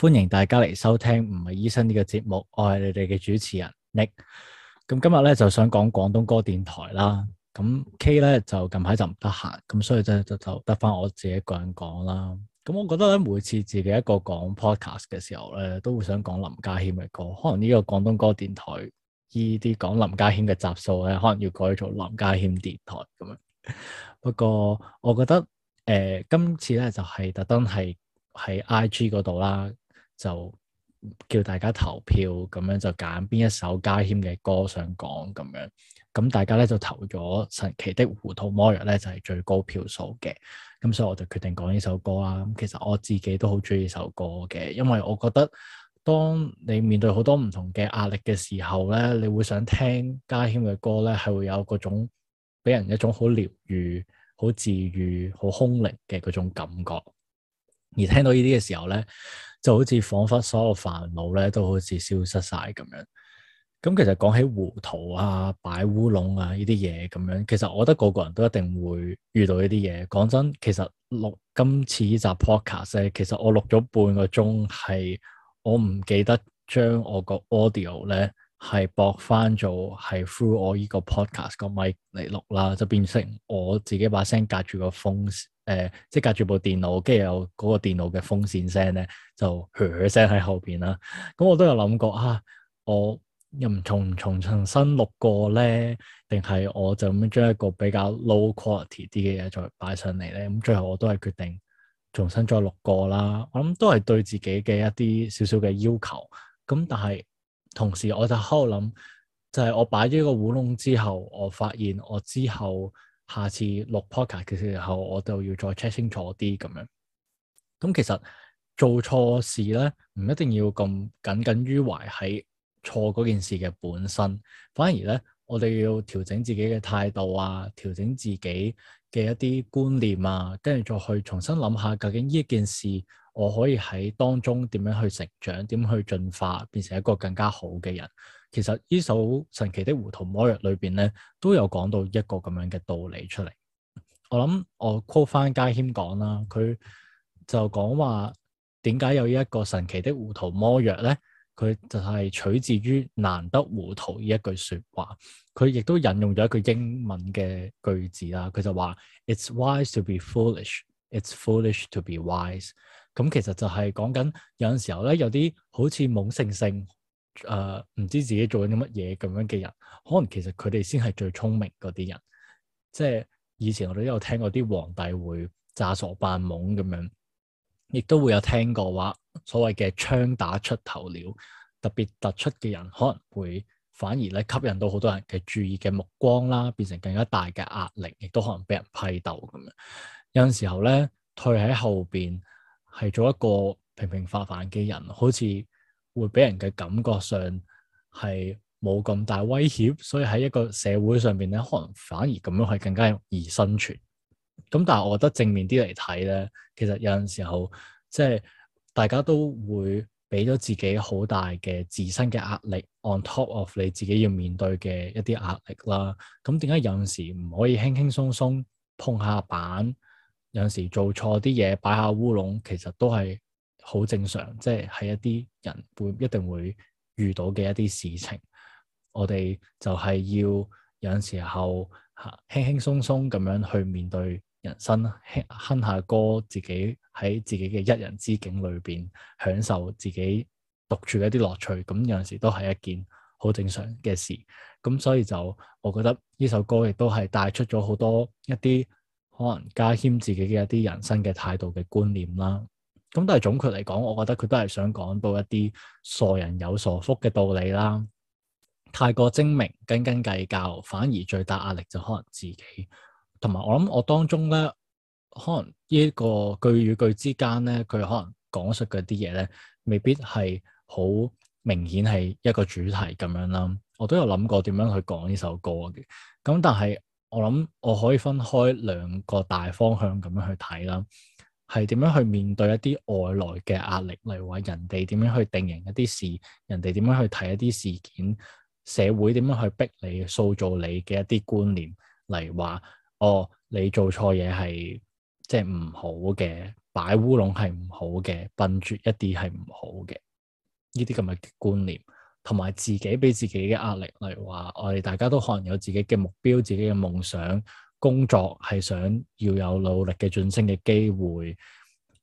歡迎大家嚟收聽唔係醫生呢個節目，我係你哋嘅主持人 Nick。咁今日咧就想講廣東歌電台啦。咁 K 咧就近排就唔得閒，咁所以真係就就得翻我自己一個人講啦。咁我覺得咧每次自己一個講 podcast 嘅時候咧，都會想講林家謙嘅歌。可能呢個廣東歌電台依啲講林家謙嘅集數咧，可能要改做林家謙電台咁樣。 不過我覺得誒、呃、今次咧就係、是、特登係喺 IG 嗰度啦。就叫大家投票，咁樣就揀邊一首家謙嘅歌想講咁樣。咁大家咧就投咗《神奇的糊塗魔藥》咧，就係最高票數嘅。咁所以我就決定講呢首歌啦。咁其實我自己都好中意呢首歌嘅，因為我覺得當你面對好多唔同嘅壓力嘅時候咧，你會想聽家謙嘅歌咧，係會有嗰種俾人一種好療愈、好治癒、好空靈嘅嗰種感覺。而聽到呢啲嘅時候咧，就好似仿佛所有煩惱咧都好似消失晒咁樣。咁其實講起胡桃啊、擺烏龍啊呢啲嘢咁樣，其實我覺得個個人都一定會遇到呢啲嘢。講真，其實錄今次呢集 podcast 咧，其實我錄咗半個鐘，係我唔記得將我個 audio 咧。係駁翻做係 through 我依個 podcast 個咪嚟錄啦，就變成我自己把聲隔住個風誒，即、呃、係、就是、隔住部電腦，跟住有嗰個電腦嘅風扇聲咧，就噓噓聲喺後邊啦。咁我都有諗過啊，我又唔重重重新錄過咧，定係我就咁樣將一個比較 low quality 啲嘅嘢再擺上嚟咧？咁最後我都係決定重新再錄過啦。我諗都係對自己嘅一啲少少嘅要求。咁但係。同時，我就喺度諗，就係我擺咗個烏龍之後，我發現我之後下次錄 podcast 嘅時候，我就要再 check 清楚啲咁樣。咁其實做錯事咧，唔一定要咁耿耿於懷喺錯嗰件事嘅本身，反而咧，我哋要調整自己嘅態度啊，調整自己嘅一啲觀念啊，跟住再去重新諗下，究竟呢一件事。我可以喺當中點樣去成長，點去進化，變成一個更加好嘅人。其實呢首神奇的糊塗魔藥裏邊咧，都有講到一個咁樣嘅道理出嚟。我諗我 call 返佳謙講啦，佢就講話點解有一個神奇的糊塗魔藥咧？佢就係取自於難得糊塗呢一句説話。佢亦都引用咗一句英文嘅句子啦。佢就話：It's wise to be foolish, it's foolish to be wise. 咁其實就係講緊有陣時候咧，有啲好似懵盛盛，誒、呃，唔知自己做緊啲乜嘢咁樣嘅人，可能其實佢哋先係最聰明嗰啲人。即係以前我哋都有聽過啲皇帝會詐傻扮懵咁樣，亦都會有聽過話所謂嘅槍打出頭鳥，特別突出嘅人可能會反而咧吸引到好多人嘅注意嘅目光啦，變成更加大嘅壓力，亦都可能俾人批鬥咁樣。有陣時候咧退喺後邊，係做一個平平凡凡嘅人，好似會俾人嘅感覺上係冇咁大威脅，所以喺一個社會上邊咧，可能反而咁樣係更加容易生存。咁但係我覺得正面啲嚟睇咧，其實有陣時候即係、就是、大家都會俾咗自己好大嘅自身嘅壓力，on top of 你自己要面對嘅一啲壓力啦。咁點解有時唔可以輕輕鬆鬆碰下板？有陣時做錯啲嘢，擺下烏龍，其實都係好正常，即係係一啲人會一定會遇到嘅一啲事情。我哋就係要有陣時候輕輕鬆鬆咁樣去面對人生，哼下歌，自己喺自己嘅一人之境裏邊享受自己獨處嘅一啲樂趣。咁有陣時都係一件好正常嘅事。咁所以就我覺得呢首歌亦都係帶出咗好多一啲。可能加添自己嘅一啲人生嘅態度嘅觀念啦，咁但係總括嚟講，我覺得佢都係想講到一啲傻人有傻福嘅道理啦。太過精明、斤斤計較，反而最大壓力就可能自己。同埋我諗，我當中咧，可能呢一個句與句之間咧，佢可能講述嘅啲嘢咧，未必係好明顯係一個主題咁樣啦。我都有諗過點樣去講呢首歌嘅，咁但係。我諗我可以分開兩個大方向咁樣去睇啦。係點樣去面對一啲外來嘅壓力，例如話人哋點樣去定型一啲事，人哋點樣去睇一啲事件，社會點樣去逼你塑造你嘅一啲觀念，例如話哦，你做錯嘢係即係唔好嘅，擺烏龍係唔好嘅，笨拙一啲係唔好嘅，呢啲咁嘅觀念。同埋自己俾自己嘅壓力，例如話，我哋大家都可能有自己嘅目標、自己嘅夢想、工作係想要有努力嘅晉升嘅機會，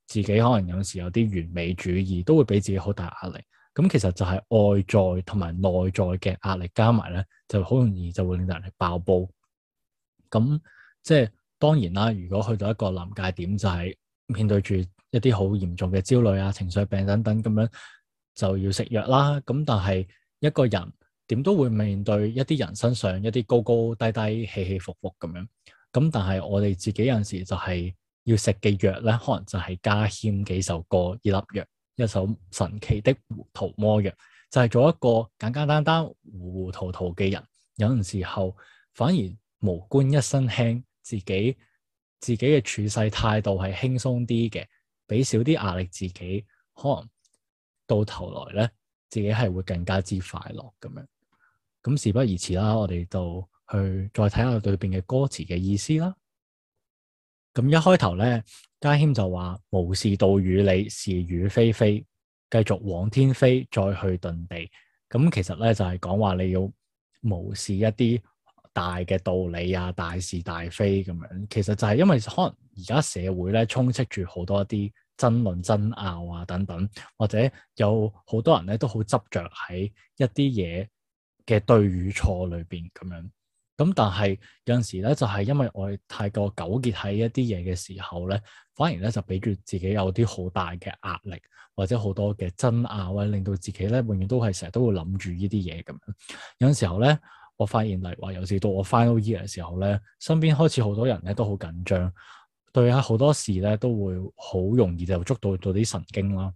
自己可能有時有啲完美主義，都會俾自己好大壓力。咁其實就係外在同埋內在嘅壓力加埋咧，就好容易就會令人嚟爆煲。咁即係當然啦，如果去到一個臨界點，就係、是、面對住一啲好嚴重嘅焦慮啊、情緒病等等咁樣。就要食藥啦，咁但係一個人點都會面對一啲人身上一啲高高低低、起起伏伏咁樣，咁但係我哋自己有陣時就係要食嘅藥咧，可能就係加添幾首歌、二粒藥、一首神奇的糊塗魔藥，就係、是、做一個簡簡單單、糊糊塗塗嘅人。有陣時候反而無官一身輕，自己自己嘅處世態度係輕鬆啲嘅，俾少啲壓力自己，可能。到頭來咧，自己係會更加之快樂咁樣。咁事不宜遲啦，我哋就去再睇下裏邊嘅歌詞嘅意思啦。咁一開頭咧，家謙就話無視道與理是與非,非，飛，繼續往天飛，再去遁地。咁其實咧就係講話你要無視一啲大嘅道理啊，大是大非咁樣。其實就係因為可能而家社會咧充斥住好多一啲。爭論、爭拗啊等等，或者有好多人咧都好執着喺一啲嘢嘅對與錯裏邊咁樣。咁但係有陣時咧就係因為我哋太過糾結喺一啲嘢嘅時候咧，反而咧就俾住自己有啲好大嘅壓力，或者好多嘅爭拗，或者令到自己咧永遠都係成日都會諗住呢啲嘢咁樣。有陣時候咧，我發現例如話有時到我 final year 嘅時候咧，身邊開始好多人咧都好緊張。對啊，好多事咧都會好容易就捉到到啲神經啦。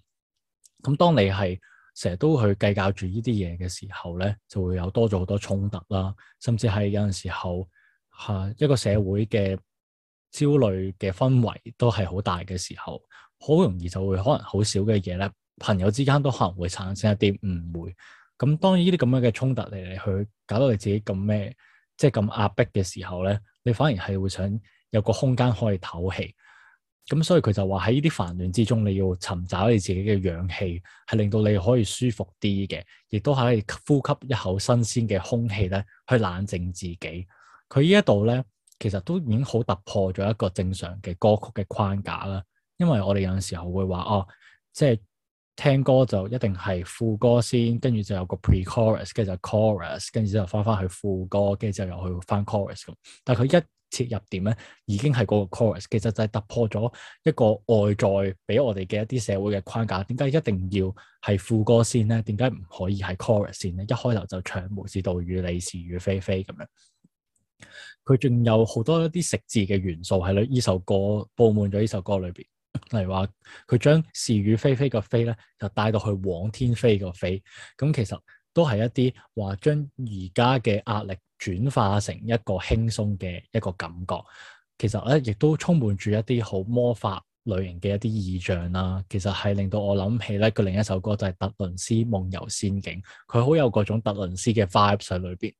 咁當你係成日都去計較住呢啲嘢嘅時候咧，就會有多咗好多衝突啦。甚至係有陣時候嚇、啊、一個社會嘅焦慮嘅氛圍都係好大嘅時候，好容易就會可能好少嘅嘢咧，朋友之間都可能會產生一啲誤會。咁當呢啲咁樣嘅衝突嚟嚟去搞到你自己咁咩，即係咁壓迫嘅時候咧，你反而係會想，有個空間可以唞氣，咁所以佢就話喺呢啲煩亂之中，你要尋找你自己嘅氧氣，係令到你可以舒服啲嘅，亦都係呼吸一口新鮮嘅空氣咧，去冷靜自己。佢呢一度咧，其實都已經好突破咗一個正常嘅歌曲嘅框架啦。因為我哋有陣時候會話哦，即係聽歌就一定係副歌先，跟住就有個 pre-chorus，跟住就 chorus，跟住之後翻翻去副歌，跟住之後又去翻 chorus 咁。但係佢一切入點咧，已經係個 chorus，其實就係突破咗一個外在俾我哋嘅一啲社會嘅框架。點解一定要係副歌先咧？點解唔可以係 chorus 先咧？一開頭就唱無事道與你是與非非咁樣。佢仲有好多一啲食字嘅元素喺呢首歌，佈滿咗呢首歌裏邊，例如話佢將是與非非嘅非咧，就帶到去往天飛個飛。咁其實～都係一啲話將而家嘅壓力轉化成一個輕鬆嘅一個感覺，其實咧亦都充滿住一啲好魔法類型嘅一啲意象啦、啊。其實係令到我諗起咧佢另一首歌就係、是《特倫斯夢遊仙境》，佢好有嗰種特倫斯嘅 vibe 在裏邊，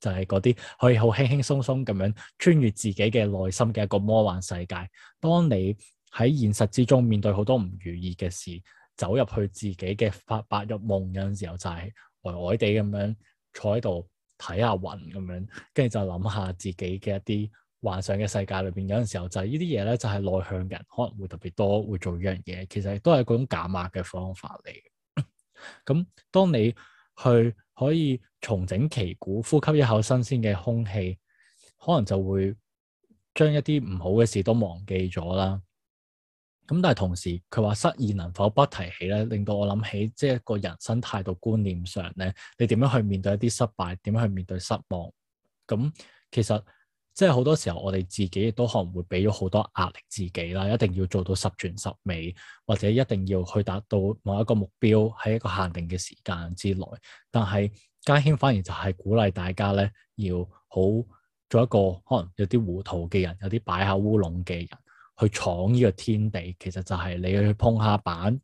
就係嗰啲可以好輕輕鬆鬆咁樣穿越自己嘅內心嘅一個魔幻世界。當你喺現實之中面對好多唔如意嘅事，走入去自己嘅發白日夢有陣時候，就係、是、～呆呆地咁樣坐喺度睇下雲咁樣，跟住就諗下自己嘅一啲幻想嘅世界裏邊。有陣時候就係呢啲嘢咧，就係內向人可能會特別多會做呢樣嘢。其實都係嗰種減壓嘅方法嚟。咁 當你去可以重整旗鼓，呼吸一口新鮮嘅空氣，可能就會將一啲唔好嘅事都忘記咗啦。咁但係同時，佢話失意能否不提起咧，令到我諗起即係一個人生態度觀念上咧，你點樣去面對一啲失敗，點樣去面對失望？咁、嗯、其實即係好多時候，我哋自己亦都可能會俾咗好多壓力自己啦，一定要做到十全十美，或者一定要去達到某一個目標喺一個限定嘅時間之內。但係家謙反而就係鼓勵大家咧，要好做一個可能有啲糊塗嘅人，有啲擺下烏龍嘅人。去闖呢個天地，其實就係你去碰下板、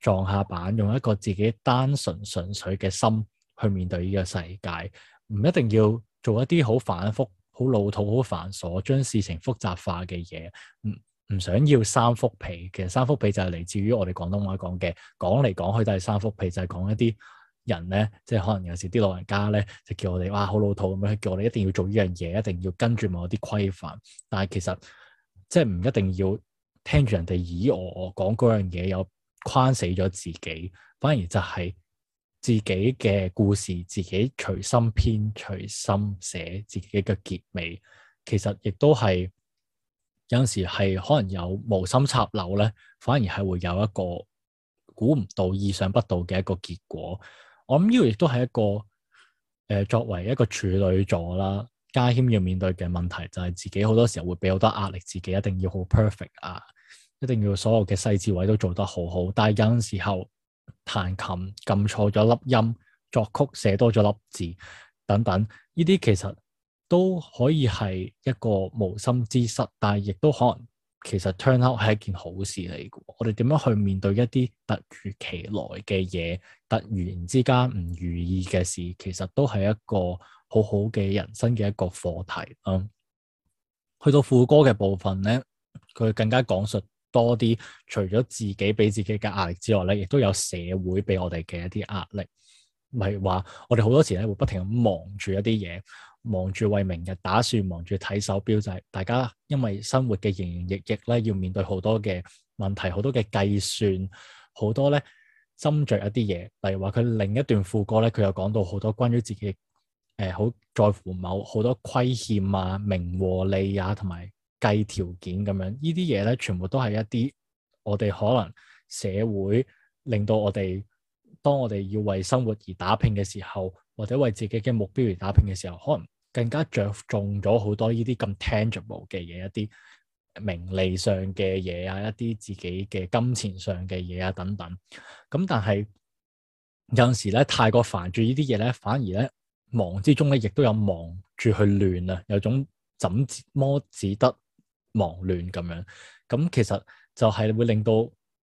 撞下板，用一個自己單純純粹嘅心去面對呢個世界，唔一定要做一啲好反覆、好老土、好繁瑣、將事情複雜化嘅嘢。唔唔想要三幅皮，其實三幅皮就係嚟自於我哋廣東話講嘅，講嚟講去都係三幅皮，就係、是、講一啲人咧，即係可能有時啲老人家咧，就叫我哋哇好老土咁樣，叫我哋一定要做呢樣嘢，一定要跟住某啲規範，但係其實。即係唔一定要聽住人哋以我我講嗰樣嘢，有框死咗自己，反而就係自己嘅故事，自己隨心編、隨心寫，自己嘅結尾，其實亦都係有陣時係可能有無心插柳咧，反而係會有一個估唔到、意想不到嘅一個結果。我諗呢個亦都係一個誒、呃，作為一個處女座啦。家謙要面對嘅問題就係自己好多時候會俾好多壓力，自己一定要好 perfect 啊，一定要所有嘅細節位都做得好好。但係有陣時候彈琴撳錯咗粒音，作曲寫多咗粒字等等，呢啲其實都可以係一個無心之失，但係亦都可能其實 turn out 係一件好事嚟嘅。我哋點樣去面對一啲突如其來嘅嘢，突然之間唔如意嘅事，其實都係一個。好好嘅人生嘅一個課題啊、嗯！去到副歌嘅部分咧，佢更加講述多啲，除咗自己俾自己嘅壓力之外咧，亦都有社會俾我哋嘅一啲壓力。例如話，我哋好多時咧會不停咁忙住一啲嘢，忙住為明日打算，忙住睇手錶，就係、是、大家因為生活嘅營營役役咧，要面對好多嘅問題，好多嘅計算，好多咧斟酌一啲嘢。例如話，佢另一段副歌咧，佢又講到好多關於自己。誒，好在乎某好多虧欠啊、名和利啊，同埋計條件咁樣，呢啲嘢咧，全部都係一啲我哋可能社會令到我哋，當我哋要為生活而打拼嘅時候，或者為自己嘅目標而打拼嘅時候，可能更加着重咗好多呢啲咁 tangible 嘅嘢，一啲名利上嘅嘢啊，一啲自己嘅金錢上嘅嘢啊等等。咁但係有陣時咧，太過煩住呢啲嘢咧，反而咧。忙之中咧，亦都有忙住去亂啊，有種怎止摸只得忙亂咁樣。咁其實就係會令到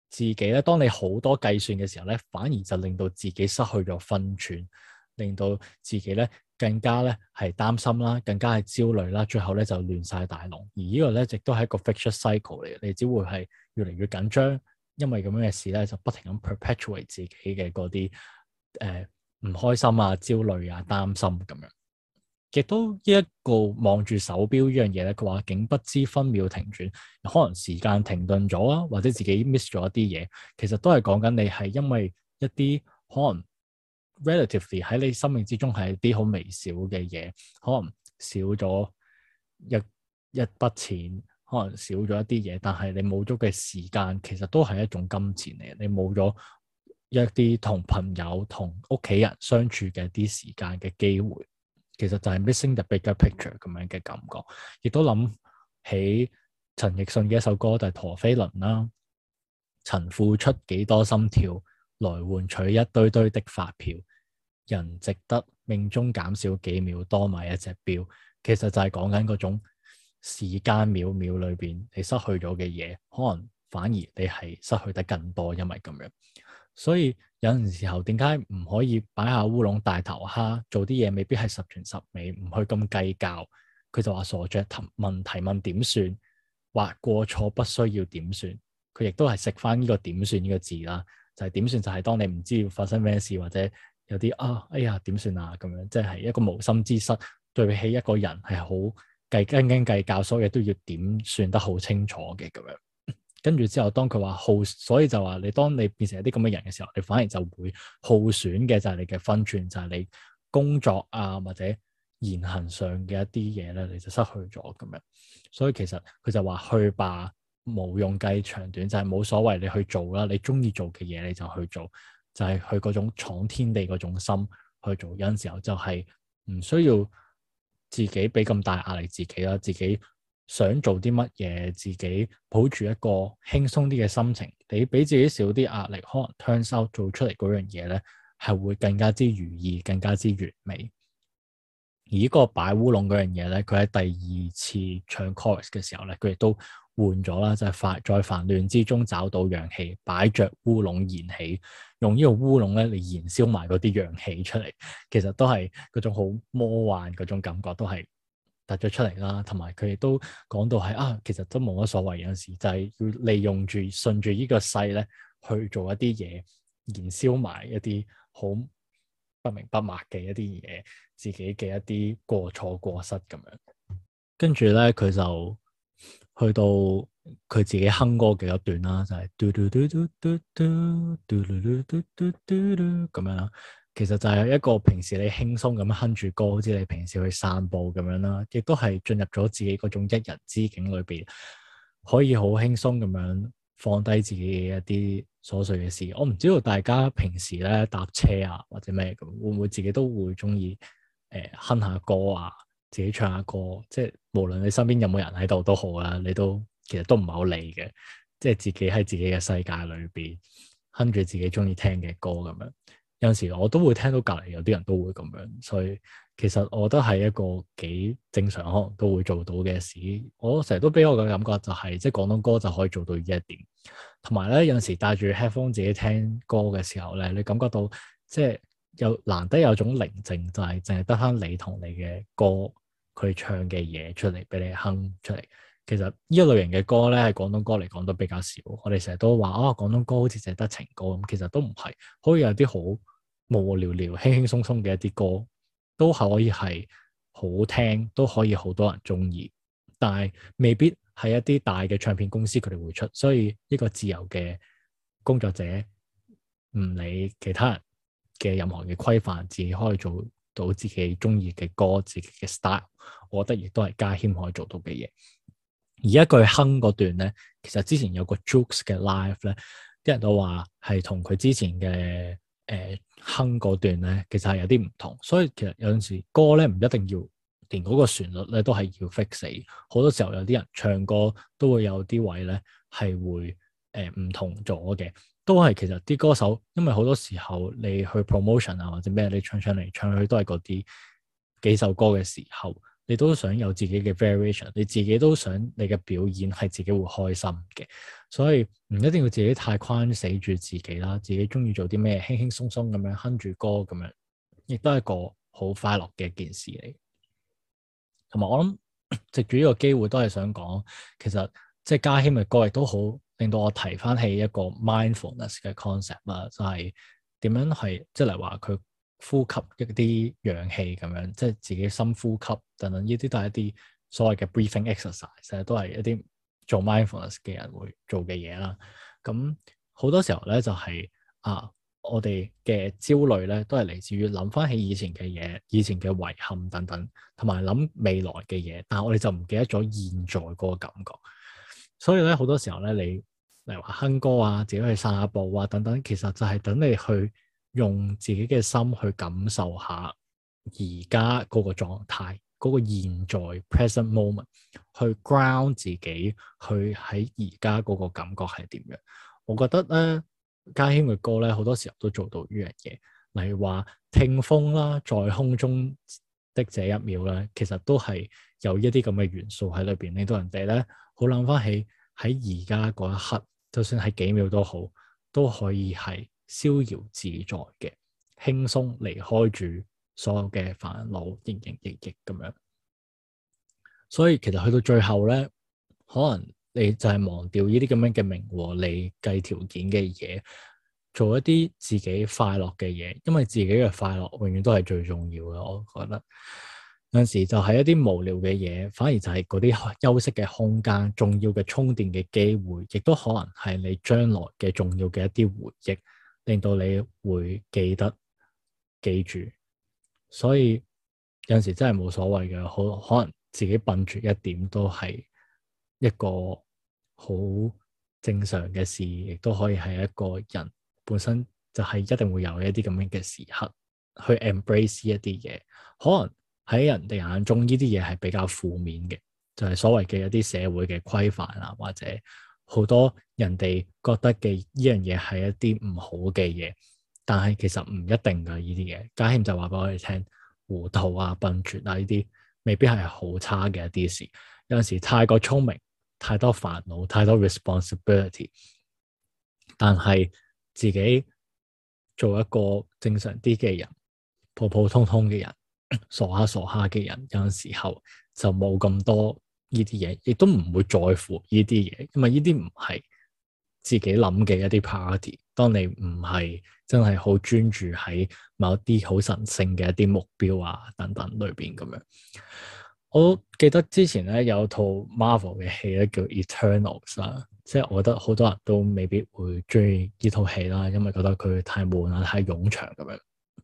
自己咧，當你好多計算嘅時候咧，反而就令到自己失去咗分寸，令到自己咧更加咧係擔心啦，更加係焦慮啦，最後咧就亂晒大龍。而呢個咧，亦都係一個 fixation cycle 嚟嘅，你只會係越嚟越緊張，因為咁樣嘅事咧就不停咁 perpetuate 自己嘅嗰啲誒。呃唔開心啊、焦慮啊、擔心咁、啊、樣，亦都呢一個望住手錶呢樣嘢，咧佢話，竟不知分秒停轉，可能時間停頓咗啊，或者自己 miss 咗一啲嘢，其實都係講緊你係因為一啲可能 relatively 喺你生命之中係一啲好微小嘅嘢，可能少咗一一筆錢，可能少咗一啲嘢，但係你冇咗嘅時間，其實都係一種金錢嚟，你冇咗。一啲同朋友、同屋企人相處嘅啲時間嘅機會，其實就係 missing the bigger picture 咁樣嘅感覺。亦都諗起陳奕迅嘅一首歌就係《陀飛輪》啦。曾付出幾多心跳，來換取一堆堆的發票。人值得命中減少幾秒，多買一隻表。其實就係講緊嗰種時間秒秒裏邊，你失去咗嘅嘢，可能反而你係失去得更多，因為咁樣。所以有陣時候，點解唔可以擺下烏龍大頭蝦，做啲嘢，未必係十全十美，唔去咁計較，佢就話傻着，問題問點算，話過錯不需要點算，佢亦都係食翻呢個點算呢個字啦。就係、是、點算，就係當你唔知發生咩事，或者有啲啊，哎呀，點算啊咁樣，即係一個無心之失，對不起一個人係好計斤斤計較，所以都要點算得好清楚嘅咁樣。跟住之後，當佢話好，所以就話你當你變成一啲咁嘅人嘅時候，你反而就會好損嘅就係你嘅分寸，就係你工作啊或者言行上嘅一啲嘢咧，你就失去咗咁樣。所以其實佢就話去吧，無用計長短，就係冇所謂你去做啦，你中意做嘅嘢你就去做，就係去嗰種闖天地嗰種心去做。有陣時候就係唔需要自己俾咁大壓力自己啦，自己。想做啲乜嘢，自己抱住一個輕鬆啲嘅心情，你俾自己少啲壓力，可能 turns out 做出嚟嗰樣嘢咧，係會更加之如意，更加之完美。而呢個擺烏龍嗰樣嘢咧，佢喺第二次唱 chorus 嘅時候咧，佢亦都換咗啦，就係、是、煩在煩亂之中找到氧氣，擺着烏龍燃起，用呢個烏龍咧嚟燃燒埋嗰啲氧氣出嚟，其實都係嗰種好魔幻嗰種感覺，都係。突咗出嚟啦，同埋佢哋都講到係啊，其實都冇乜所謂，有時就係要利用住順住依個勢咧，去做一啲嘢，燃燒埋一啲好不明不白嘅一啲嘢，自己嘅一啲過錯過失咁樣。跟住咧，佢就去到佢自己哼歌嘅一段啦，就係嘟嘟嘟嘟嘟嘟嘟嘟嘟嘟嘟嘟咁樣。其實就係一個平時你輕鬆咁樣哼住歌，好似你平時去散步咁樣啦，亦都係進入咗自己嗰種一人之境裏邊，可以好輕鬆咁樣放低自己嘅一啲瑣碎嘅事。我唔知道大家平時咧搭車啊或者咩，會唔會自己都會中意，誒哼下歌啊，自己唱下歌，即係無論你身邊有冇人喺度都好啦，你都其實都唔係好理嘅，即係自己喺自己嘅世界裏邊哼住自己中意聽嘅歌咁樣。有陣時我都會聽到隔離有啲人都會咁樣，所以其實我覺得係一個幾正常，可能都會做到嘅事。我成日都俾我嘅感覺就係、是，即係廣東歌就可以做到呢一點。同埋咧，有陣時戴住 headphone 自己聽歌嘅時候咧，你感覺到即係有難得有種寧靜，就係淨係得翻你同你嘅歌佢唱嘅嘢出嚟俾你哼出嚟。其實呢一類型嘅歌咧，喺廣東歌嚟講都比較少。我哋成日都話啊、哦，廣東歌好似淨係得情歌咁，其實都唔係，可以有啲好。無無聊聊，輕輕鬆鬆嘅一啲歌，都可以係好聽，都可以好多人中意，但係未必係一啲大嘅唱片公司佢哋會出，所以一個自由嘅工作者唔理其他人嘅任何嘅規範，自己可以做到自己中意嘅歌，自己嘅 style，我覺得亦都係嘉謙可以做到嘅嘢。而一句哼嗰段咧，其實之前有個 Jukes 嘅 live 咧，啲人都話係同佢之前嘅誒。呃哼嗰段咧，其實係有啲唔同，所以其實有陣時歌咧唔一定要連嗰個旋律咧都係要 fix 死，好多時候有啲人唱歌都會有啲位咧係會誒唔同咗嘅，都係其實啲歌手，因為好多時候你去 promotion 啊或者咩，你唱唱嚟唱去都係嗰啲幾首歌嘅時候。你都想有自己嘅 variation，你自己都想你嘅表演係自己會開心嘅，所以唔一定要自己太框死住自己啦。自己鍾意做啲咩，輕輕鬆鬆咁樣哼住歌咁樣，亦都係一個好快樂嘅一件事嚟。同埋我諗，藉住呢個機會都係想講，其實即係嘉謙嘅歌亦都好令到我提翻起一個 mindfulness 嘅 concept 啦，就係、是、點樣係，即係嚟話佢。呼吸一啲氧氣咁樣，即係自己深呼吸等等，呢啲都係一啲所謂嘅 breathing exercise，成日都係一啲做 mindfulness 嘅人會做嘅嘢啦。咁好多時候咧，就係啊，我哋嘅焦慮咧，都係嚟自於諗翻起以前嘅嘢、以前嘅遺憾等等，同埋諗未來嘅嘢，但係我哋就唔記得咗現在嗰個感覺。所以咧，好多時候咧，你例如話哼歌啊、自己去散下步啊等等，其實就係等你去。用自己嘅心去感受下而家嗰個狀態，嗰個現在 present moment，去 ground 自己，去喺而家嗰個感覺係點樣？我覺得咧，家謙嘅歌咧，好多時候都做到呢樣嘢。例如話聽風啦，在空中的這一秒咧，其實都係有一啲咁嘅元素喺裏邊，令到人哋咧好諗翻起喺而家嗰一刻，就算係幾秒都好，都可以係。逍遙自在嘅，輕鬆離開住所有嘅煩惱，營營役役咁樣。所以其實去到最後咧，可能你就係忘掉呢啲咁樣嘅名和利計條件嘅嘢，做一啲自己快樂嘅嘢，因為自己嘅快樂永遠都係最重要嘅。我覺得有陣時就係一啲無聊嘅嘢，反而就係嗰啲休息嘅空間，重要嘅充電嘅機會，亦都可能係你將來嘅重要嘅一啲回憶。令到你會記得記住，所以有陣時真係冇所謂嘅，好可能自己笨拙一點都係一個好正常嘅事，亦都可以係一個人本身就係一定會有一啲咁樣嘅時刻去 embrace 一啲嘢，可能喺人哋眼中呢啲嘢係比較負面嘅，就係所謂嘅一啲社會嘅規範啊或者。好多人哋覺得嘅呢樣嘢係一啲唔好嘅嘢，但係其實唔一定噶呢啲嘢。家慶就話俾我哋聽，糊塗啊、笨拙啊呢啲，未必係好差嘅一啲事。有陣時太過聰明、太多煩惱、太多 responsibility，但係自己做一個正常啲嘅人、普普通通嘅人、傻下傻下嘅人，有陣時候就冇咁多。呢啲嘢亦都唔會在乎呢啲嘢，因為呢啲唔係自己諗嘅一啲 party。當你唔係真係好專注喺某啲好神聖嘅一啲目標啊等等裏邊咁樣。我記得之前咧有套 Marvel 嘅戲咧叫 Eternals 啦、啊，即係我覺得好多人都未必會鍾意呢套戲啦，因為覺得佢太悶啊、太冗長咁、啊、樣。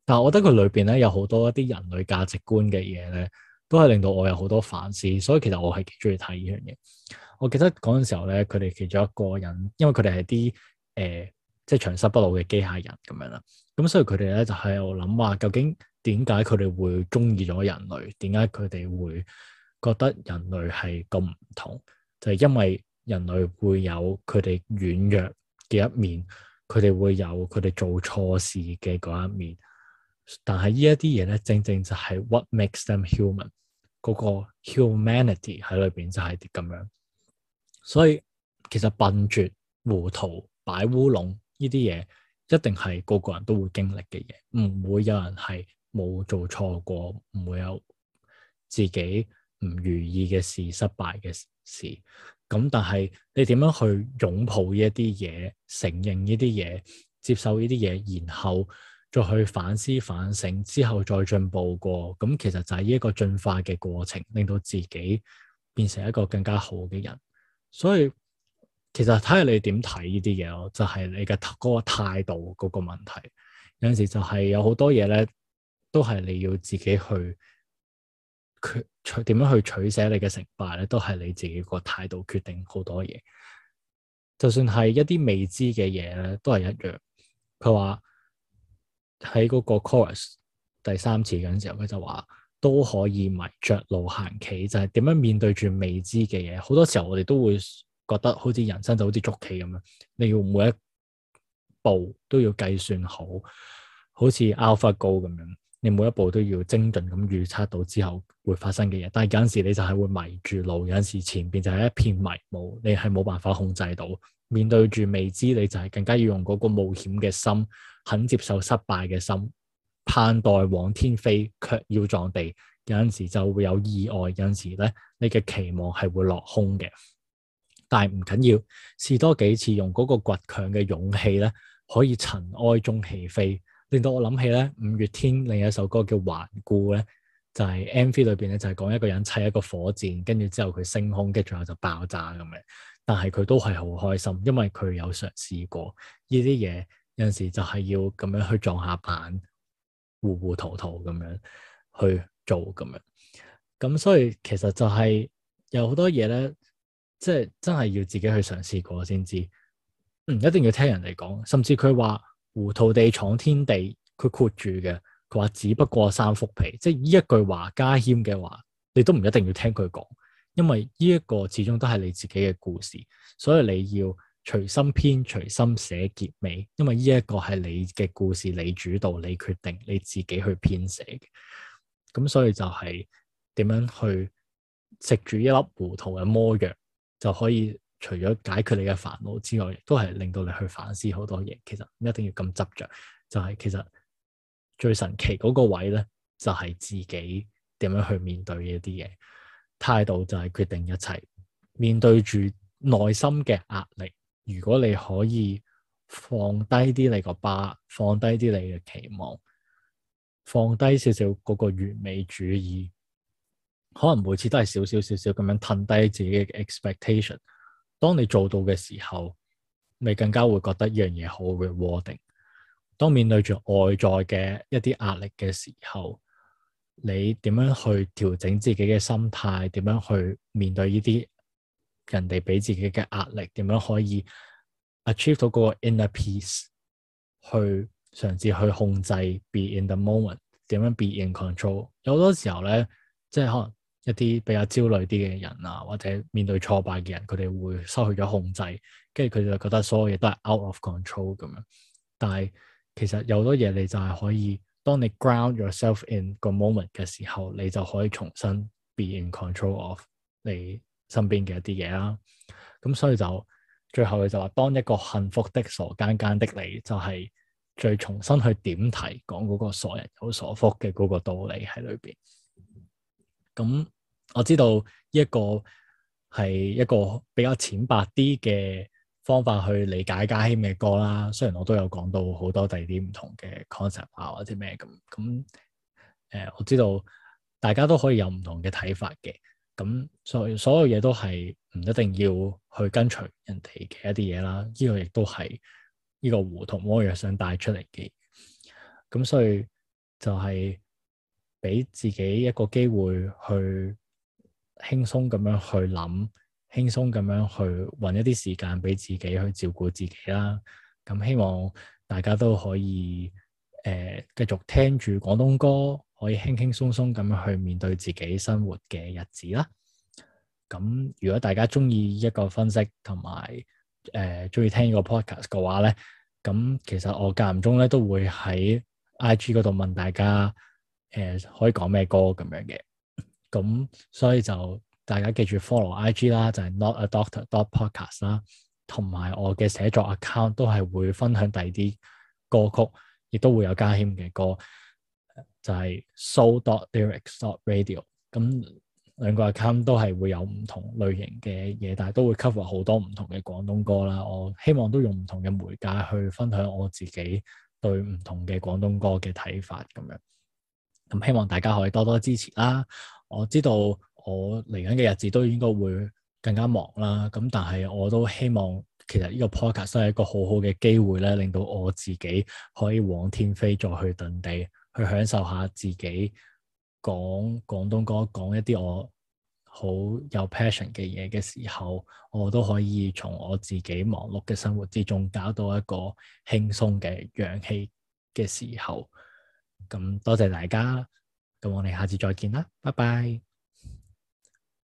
但係我覺得佢裏邊咧有好多一啲人類價值觀嘅嘢咧。都係令到我有好多反思，所以其實我係幾中意睇呢樣嘢。我記得嗰陣時候咧，佢哋其中一個人，因為佢哋係啲誒，即係長生不老嘅機械人咁樣啦。咁所以佢哋咧就係我諗話，究竟點解佢哋會中意咗人類？點解佢哋會覺得人類係咁唔同？就係因為人類會有佢哋軟弱嘅一面，佢哋會有佢哋做錯事嘅嗰一面。但係呢一啲嘢咧，正正就係 What makes them human，嗰個 humanity 喺裏邊就係啲咁樣。所以其實笨拙、糊塗、擺烏龍呢啲嘢，一定係個個人都會經歷嘅嘢，唔會有人係冇做錯過，唔會有自己唔如意嘅事，失敗嘅事。咁但係你點樣去擁抱呢一啲嘢，承認呢啲嘢，接受呢啲嘢，然後再去反思反省之後再進步過，咁其實就係呢一個進化嘅過程，令到自己變成一個更加好嘅人。所以其實睇下你點睇呢啲嘢囉，就係你嘅嗰個態度嗰個問題。有陣時就係有好多嘢咧，都係你要自己去取點樣去取捨你嘅成敗咧，都係你自己個態度決定好多嘢。就算係一啲未知嘅嘢咧，都係一樣。佢話。喺嗰個 chorus 第三次嗰陣時候，佢就話都可以迷着路行棋，就係點樣面對住未知嘅嘢。好多時候我哋都會覺得好似人生就好似捉棋咁樣，你要每一步都要計算好，好似 AlphaGo 咁樣，你每一步都要精準咁預測到之後會發生嘅嘢。但係有陣時你就係會迷住路，有陣時前邊就係一片迷霧，你係冇辦法控制到。面對住未知，你就係更加要用嗰個冒險嘅心，肯接受失敗嘅心，盼待往天飛，卻要撞地。有陣時就會有意外，有陣時咧，你嘅期望係會落空嘅。但係唔緊要，試多幾次，用嗰個倔強嘅勇氣咧，可以塵埃中起飛，令到我諗起咧五月天另一首歌叫《頑固》咧。就係 MV 裏邊咧，就係、是、講一個人砌一個火箭，跟住之後佢升空，跟住之後就爆炸咁樣。但係佢都係好開心，因為佢有嘗試過呢啲嘢。有陣時就係要咁樣去撞下板、糊糊塗塗咁樣去做咁樣。咁所以其實就係有好多嘢咧，即、就、係、是、真係要自己去嘗試過先知。唔一定要聽人哋講，甚至佢話糊塗地闖天地，佢括住嘅。佢話，只不過三幅皮，即係呢一句話家謙嘅話，你都唔一定要聽佢講，因為呢一個始終都係你自己嘅故事，所以你要隨心編、隨心寫結尾，因為呢一個係你嘅故事，你主導、你決定、你自己去編寫嘅。咁所以就係點樣去食住一粒糊塗嘅魔藥，就可以除咗解決你嘅煩惱之外，亦都係令到你去反思好多嘢。其實唔一定要咁執着，就係其實。最神奇嗰個位咧，就係自己點樣去面對一啲嘢，態度就係決定一切。面對住內心嘅壓力，如果你可以放低啲你個 bar，放低啲你嘅期望，放低少少嗰個完美主義，可能每次都係少少少少咁樣褪低自己嘅 expectation。當你做到嘅時候，你更加會覺得呢樣嘢好 rewarding。當面對住外在嘅一啲壓力嘅時候，你點樣去調整自己嘅心態？點樣去面對呢啲人哋俾自己嘅壓力？點樣可以 achieve 到嗰個 inner peace？去嘗試去控制 be in the moment，點樣 be in control？有好多時候咧，即係可能一啲比較焦慮啲嘅人啊，或者面對挫敗嘅人，佢哋會失去咗控制，跟住佢哋就覺得所有嘢都係 out of control 咁樣，但係，其實有好多嘢，你就係可以當你 ground yourself in 個 moment 嘅時候，你就可以重新 be in control of 你身邊嘅一啲嘢啦。咁所以就最後佢就話、是，當一個幸福的傻更更的你，就係、是、最重新去點題講嗰個傻人有傻福嘅嗰個道理喺裏邊。咁我知道呢一個係一個比較淺白啲嘅。方法去理解家謙嘅歌啦，雖然我都有講到好多第二啲唔同嘅 concept 啊，或者咩咁咁，誒、呃、我知道大家都可以有唔同嘅睇法嘅，咁所所有嘢都係唔一定要去跟隨人哋嘅一啲嘢啦，呢、這個亦都係呢個胡同魔藥想帶出嚟嘅，咁所以就係俾自己一個機會去輕鬆咁樣去諗。輕鬆咁樣去搵一啲時間俾自己去照顧自己啦。咁希望大家都可以誒、呃、繼續聽住廣東歌，可以輕輕鬆鬆咁樣去面對自己生活嘅日子啦。咁如果大家中意一個分析同埋誒中意聽一個呢個 Podcast 嘅話咧，咁其實我間唔中咧都會喺 IG 嗰度問大家誒、呃、可以講咩歌咁樣嘅。咁所以就。大家記住 follow IG 啦，就係 notadoctor.podcast 啦，同埋我嘅寫作 account 都係會分享第二啲歌曲，亦都會有家謙嘅歌，就係 so.dot.direct.radio。咁兩個 account 都係會有唔同類型嘅嘢，但係都會 cover 好多唔同嘅廣東歌啦。我希望都用唔同嘅媒介去分享我自己對唔同嘅廣東歌嘅睇法咁樣。咁希望大家可以多多支持啦。我知道。我嚟緊嘅日子都應該會更加忙啦，咁但係我都希望其實呢個 podcast 都係一個好好嘅機會咧，令到我自己可以往天飛再去遁地，去享受下自己講廣東歌、講一啲我好有 passion 嘅嘢嘅時候，我都可以從我自己忙碌嘅生活之中搞到一個輕鬆嘅陽氣嘅時候。咁多謝大家，咁我哋下次再見啦，拜拜。